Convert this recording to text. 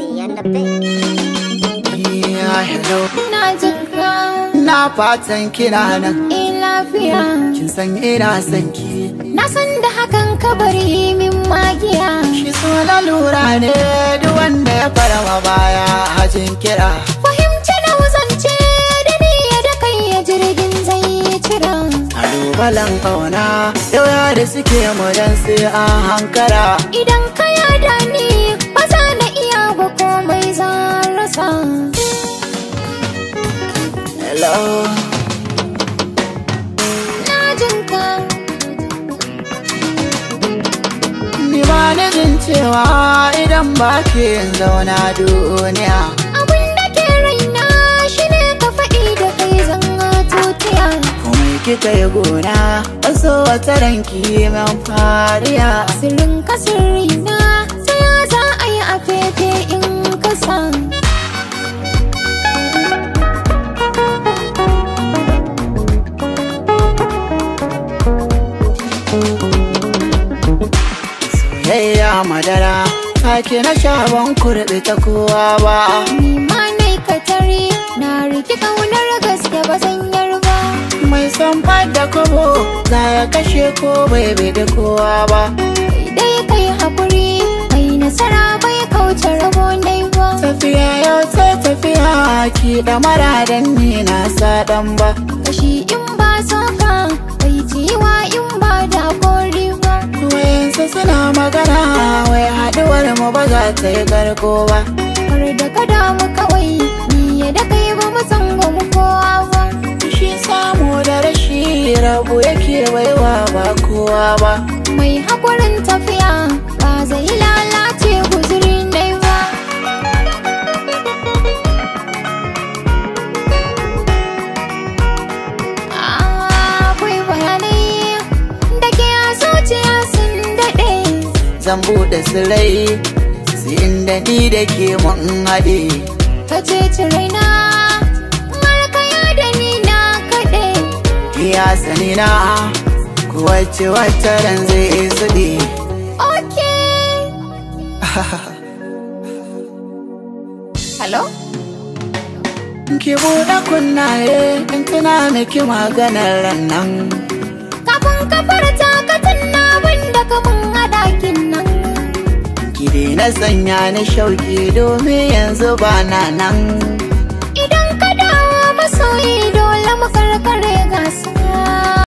see and Na fatan kina nan. Eh lafiya. Kin san ina san ki. Na san da hakan kabari min magiya. Shi so na lura ne duk wanda ya fara wa baya hajin kira. Fahimci na wuzance da ni da kai ya jirgin zai cira. Kalubalan kauna yau da suke mu dan sai an hankara. Idan kai dawo na cewa idan ba ke yin zauna duniya abin da ke raina shi ne ka faɗi da kai zanga tutiya kuma kika yi gona wasu wata ranki man fariya sirrin ka sirrina sai za a yi a fefe in ka san soyayya madara take na shagon ban kurɓe ta kowa ba Nima na katari na riki ƙaunar gaske ba zan yarba mai san da kobo za ya kashe ko bai bai da kowa ba dai kai hakuri mai nasara bai kauce rabo nai ba tafiya yau sai tafiya ki da mara dan ni na sa ba kashi in ba so ka, bai ciwa in ba da kori ba Wayansu suna magana wai haɗuwar mu ba za ta yi garko ba. Kar da ka damu kawai ni ya da yi ba mu san ba mu kowa ba. Shi samu da rashi rabu yake baiwa ba kowa ba. Mai haƙurin tafiya ba zai lalata. Zambu da sirai su inda ni da ke mun haɗe ka ce mar ka ya da ni na kaɗe Iya sani na wacce wata ran zai suɗe ok hello ki buɗe kunnaye in tuna ki maganar nan kafin ka farta ka tunna wanda ka mun da sanya ni shauki domin yanzu ba na nan idan ka dawo masoyi dole mu karkare gasa